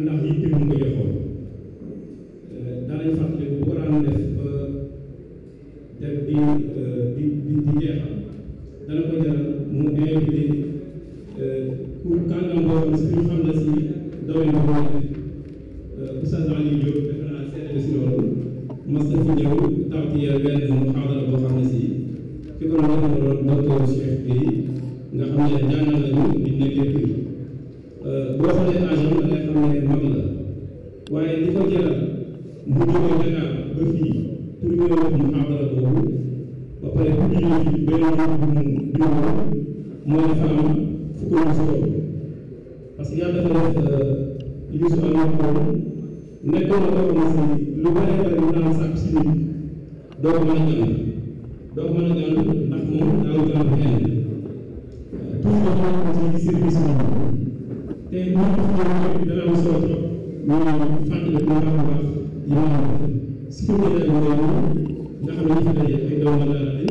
ndax yitte nekk moom nekkoon na ko mos lu bëri bëri mu daan sàkk si nit doo ko mën a jàng doo ko mën a jàng ndax moom daaw jàng kenn toujours dafa nekk ci service bi te ñu ko ñëw dana am solo trop ñu fàttali bu baax a baax yi ma am surtout nga xam ne ñu fi daje ay doomu daara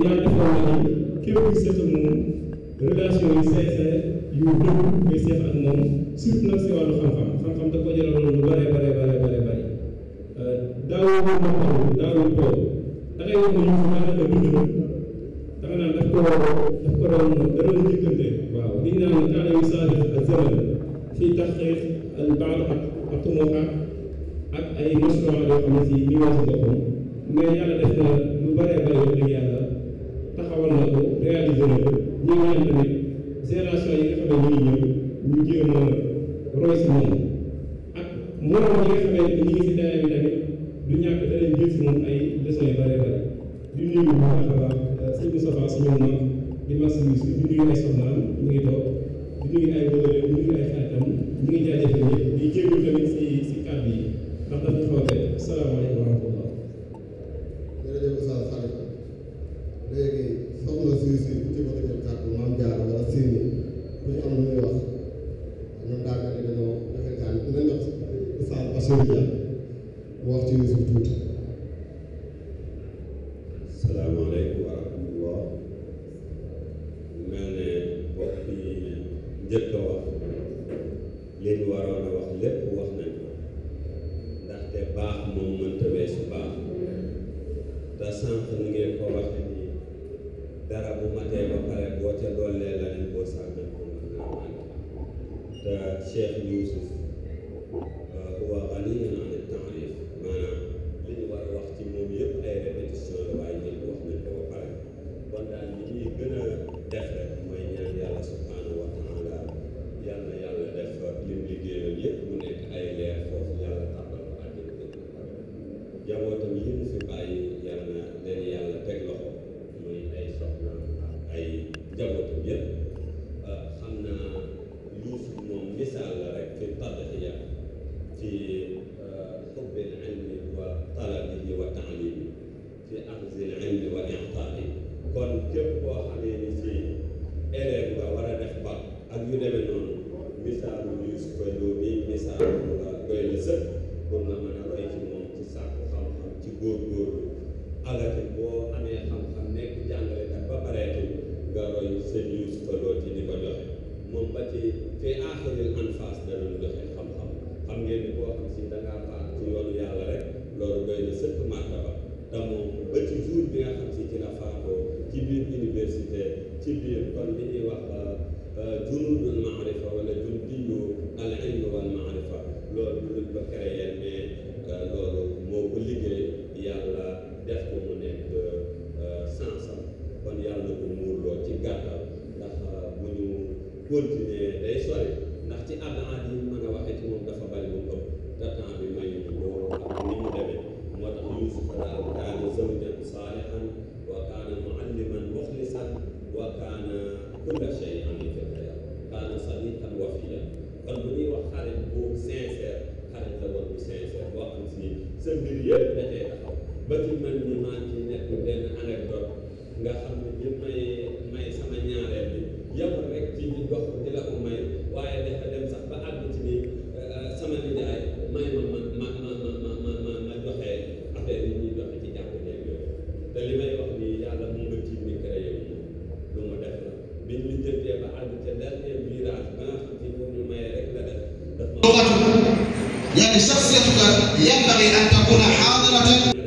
dinaa def wax ni képp ku seet ak moom relation yi sincère yu dëgg ngay seet ak moom surtout nag si wàllu xam-xam xam-xam da ko jaraloon lu bare bare bare bare bare daawoo ko noppalu daawoo toog da ngay wax ñu daanaka dund na da nga naan daf ko daf ko doon da doon njëkkante waaw li ñu naan kaana yu saadix ak zaman fii taxqiq al baad ak ak tumoxaat ak ay mashruwaat yoo xam ne si ñu wax si boppam leen jël si moom ay leçons yu bëree bëri di nuyu bu baax a baax euh, sëñ Moustapha suñu mag di marsivise di ay soxnaam ñu ngi toog di nuyu ay wóoree di nuyu ay xaritam ñu ngi jaajëfal ñëpp di jéem tamit si si kàddu yi ndax dafa xaw a tey salaamaaleykum sànq ni ngeen ko waxee nii dara bu matee ba pare boo ca doolee la leen boo sàggee ko mën naa te Cheikh Youssouf huwa euh, ganiyun kon képp koo xamee ni si élève nga war a def bac ak yu demee noonu misaalu ñuy su koy loo nii misaalu nga doy la sëkk pour nga mën a roy ci moom ci sàkku xam ci góor continuer day sori ndax ci àdduna yi mën a waxee ci moom dafa bari moom ëpp biñ lijjantee ba àgg ca dernier virage ba nga xam ci pour ñu maye rek la def. daf ma. يعني شخصيتك ينبغي ان تكون حاضره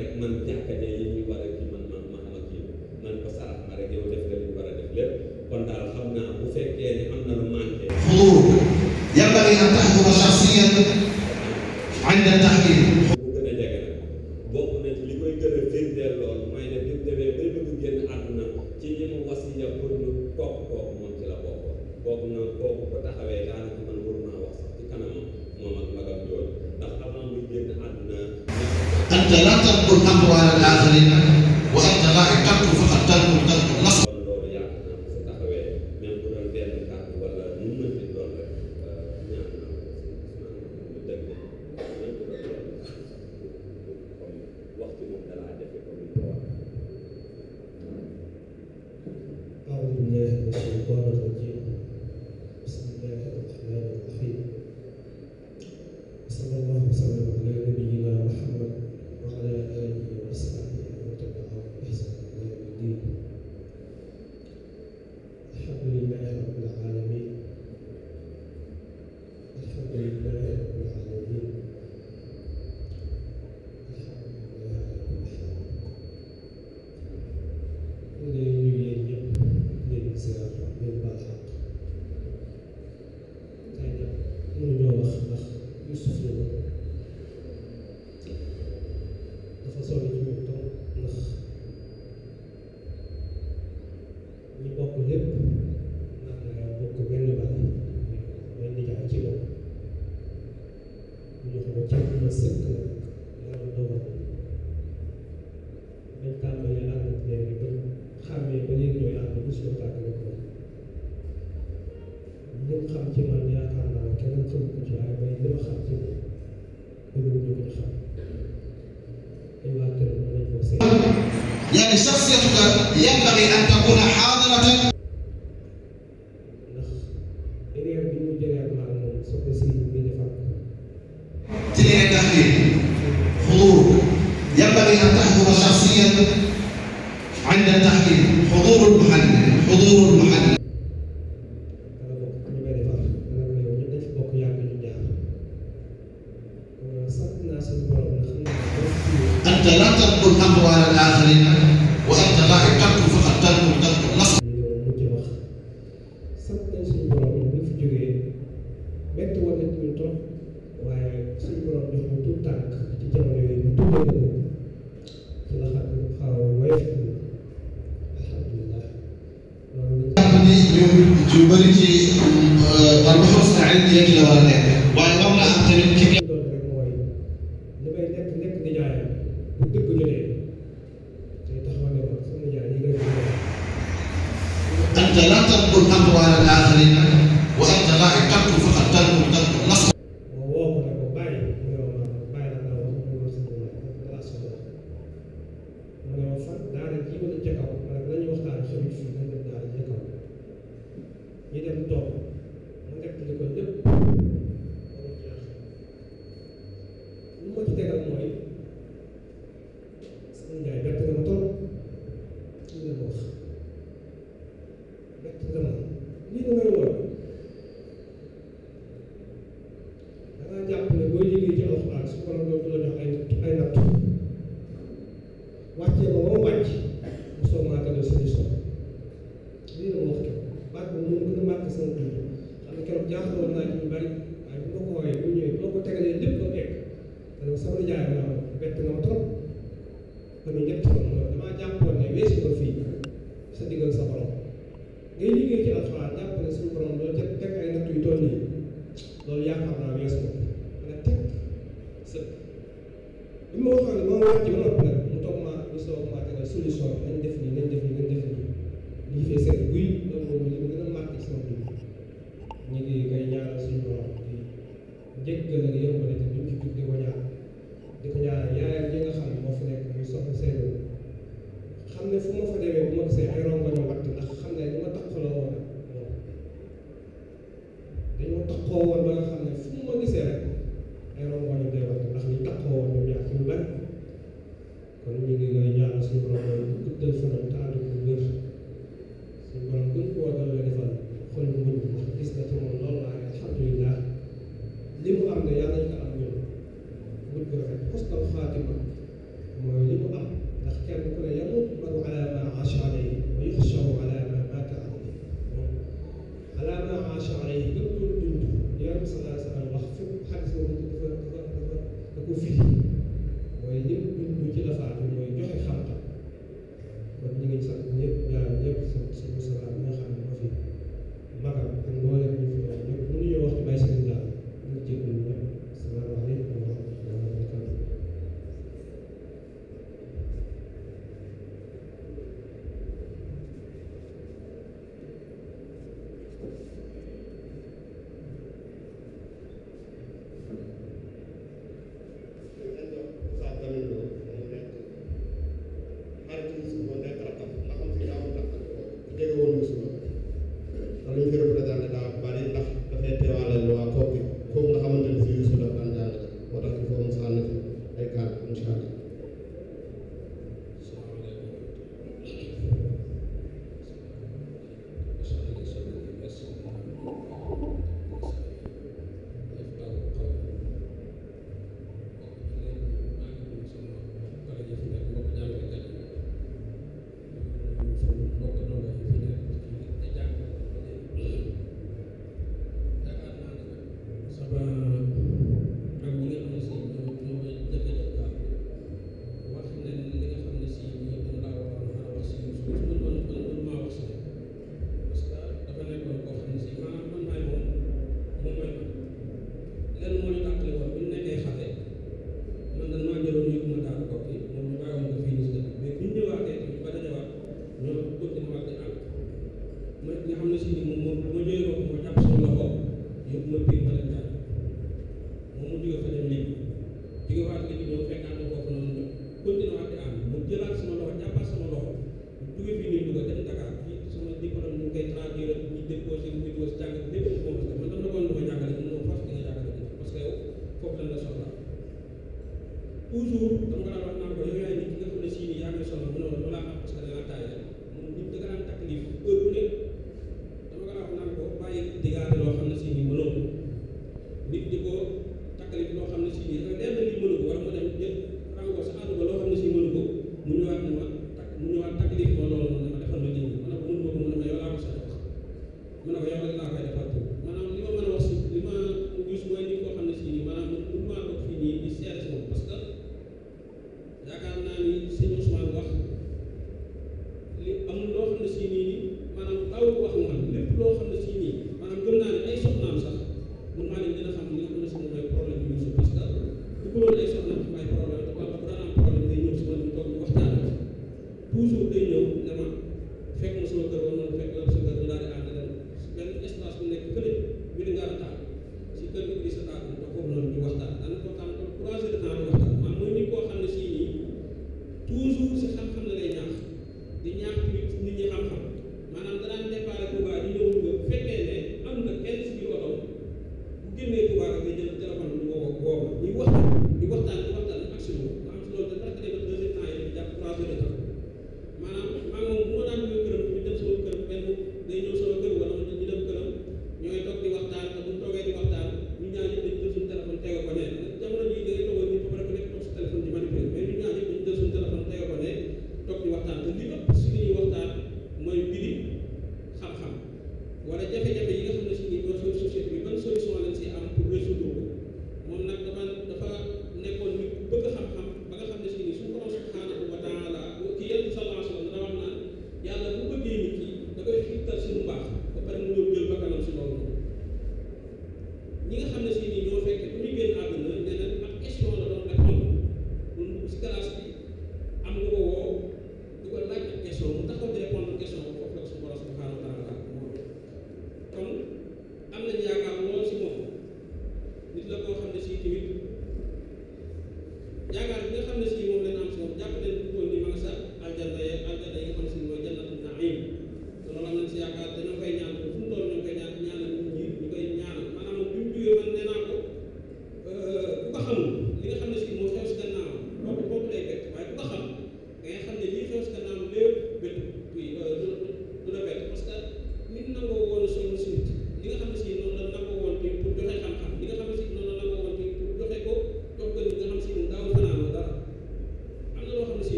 شخصيتك ينبغي أن تكون حاضرة جوبلتي 14 عندي كده ولا people in the world. Sí. عاش عليه قبل وبنته لأن صلى الله عليه وسلم خفف حدث وقت تكون فيه للملك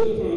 Thank you.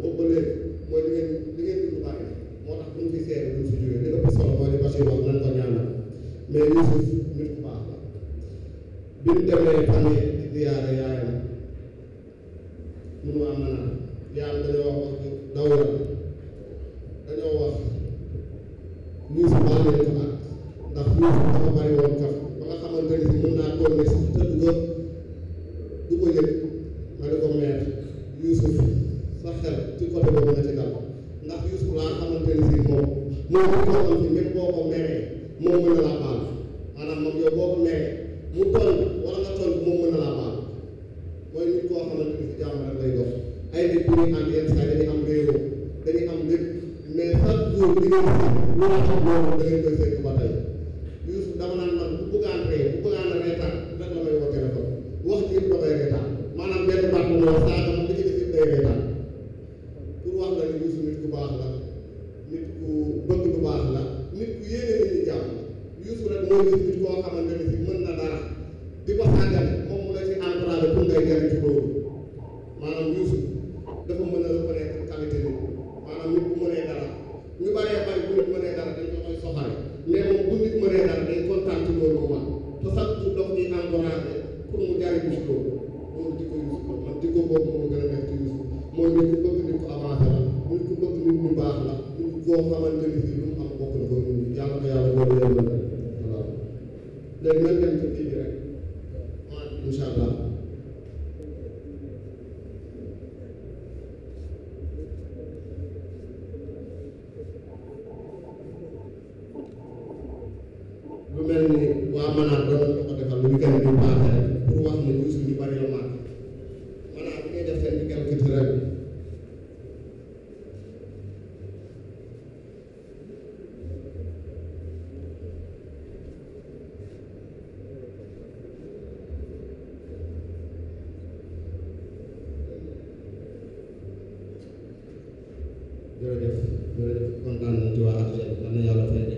boobu ba léegi mooy li ngeen li ngeen dund bàyyi moo tax bu ñu fi seere bu ñu fi jógee li ëpp solo mooy li Bachir wax nañ ko ñaanal mais Youssouf nit ku baax la bi mu demee fan yi di ziyaare yaayam mënu am na naan yaayam dañoo wax dawal laajee mu tontu wala nga tontu moom mën na laa baal mooy nit koo xamante ni si jàmm rek lay dox ay nit bu ñuy ànd yenn saa yi dañuy am réeroo dañuy am lépp mais chaque jour di ngeen si lu la xam loolu da ngeen koy seet te sax ñu dox di encouragé pour mu jari gis loolu loolu di ko gis ko man di ko boobu moo gën a nekk ci gis mooy nit ku bëgg nit ku avancé la nit ku bëgg nit ku baax la nit ku koo xamante ni fii lu mu am bokk na ko ñun yàlla na yàlla boobu yàlla voilà léegi nan dem ci fii rek ma incha allah jërëjëf jërëjëf kontaan nañ ci waa Algérie yal na yàlla fay